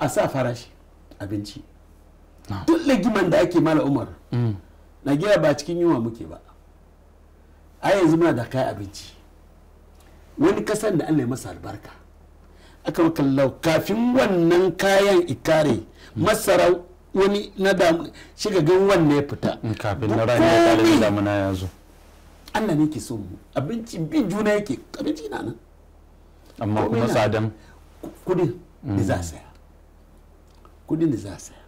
a sa farashi abinci duk lagiman da ake mala umar gina mm. ba cikin yunwa muke ba a yanzu muna da kayan abinci wani kasan da allah ya masa albarka aka maka kafin wannan kayan ikare mm. masara wani na damu shiga gan wannan ya fita mm, kafin na rani ya kare damuna ya zo allah ne ke so mu abinci bin juna yake abinci na nan amma kuma tsadan kudin da za a saya kudin da za saya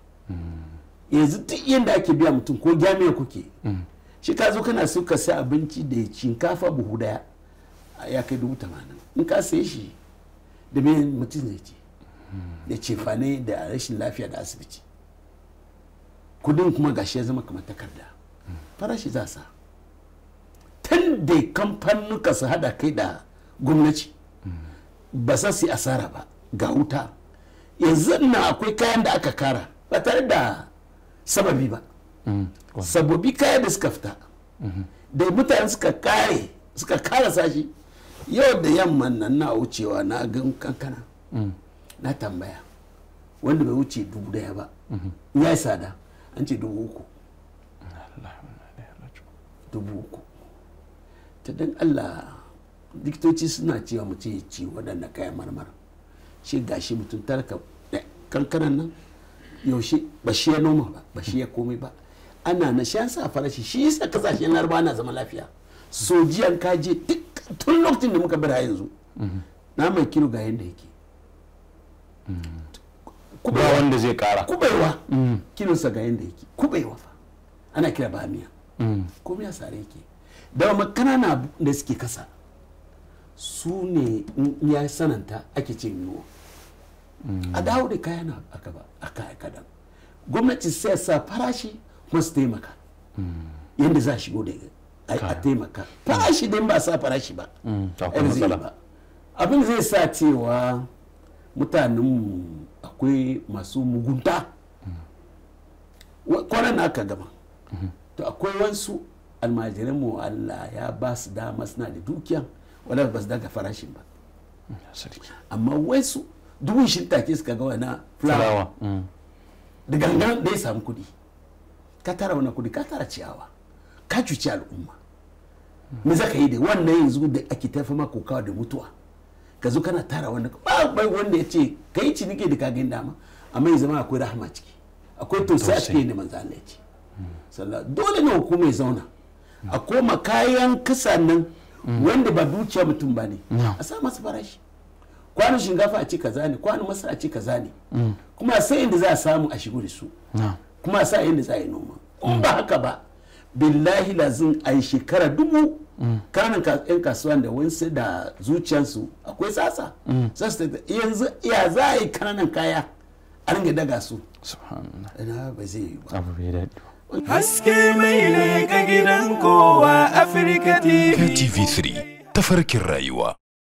yanzu duk yadda ake biya mutum ko jami'a kuke shi ka zo kana so ka sai abinci da ya shinkafa buhu daya ya kai dubu tamanin in ka saye shi da me mutum zai ce da cefane da rashin lafiya da asibiti kudin kuma gashi ya zama kamar takarda farashi za sa tun da kamfanuka su hada kai da gwamnati ba sa su yi asara ba ga wuta yanzu na akwai kayan da aka kara ba tare da sababi ba mm, sababi kayan da suka fita mm-hmm. da mutane suka kare suka kara sashi yau da yamman nan na wucewa na gan kankana mm. na tambaya wanda bai wuce dubu daya ba mm-hmm. ya yi sada an ce dubu uku dubu uku ta dan allah diktoci suna cewa mutum ya ci waɗanda kayan marmara shi gashi mutum talaka kankanan nan yaushe ba shi ya noma ba ba shi ya komai ba ana na shi sa farashi shi yasa kasashen laraba na zama lafiya sojiyan kaje tun lokacin da muka bira yanzu na mai kilo ga yanda yake kubewa wanda zai kara kubewa mm. kilonsa ga yanda yake kubewa fa ana kira bamiya mm. komai sare yake da na da suke kasa su ne ya sananta ake cin yunwa a dawo da kayan a ba a kaya kadan gwamnati sai sa farashi masu taimaka yadda za a shigo da a taimaka farashi din ba sa farashi mm, ba abin zai sa cewa mutanenmu akwai masu mugunta kwanan aka gama to akwai wasu mu allah ya ba su dama suna da dukiya wadanda ba su daga farashin ba amma wasu dubu shi take suka ga wani fulawa mm. da gangan da ya samu kudi ka tara wani kudi ka tara ciyawa ka cuci al'umma me zaka yi da wannan yanzu da ake tafi ma kokawa da mutuwa ka zo kana tara wani ba wanda ya ce ka yi ciniki da kagin dama a mai zama akwai rahama ciki akwai tausayi a cikin da manzo Allah ya ce dole ne hukuma ya zauna a koma kayan kasa nan mm. wanda ba dukiya mutum ba ne a sa masu farashi kwanin shinkafa a ci kaza ne kwanin masa a ci kaza ne kuma sai inda za a samu a shigo da su kuma sa inda za a yi noma in ba haka ba billahi lazin a yi shekara dubu mm. kanin yan kasuwan da wansu da zuciyarsu akwai tsatsa mm. yanzu ya za a yi kananan kaya a ringa daga su ba zai yi ba haske mai ne gidan kowa afirka tv3 tafarkin rayuwa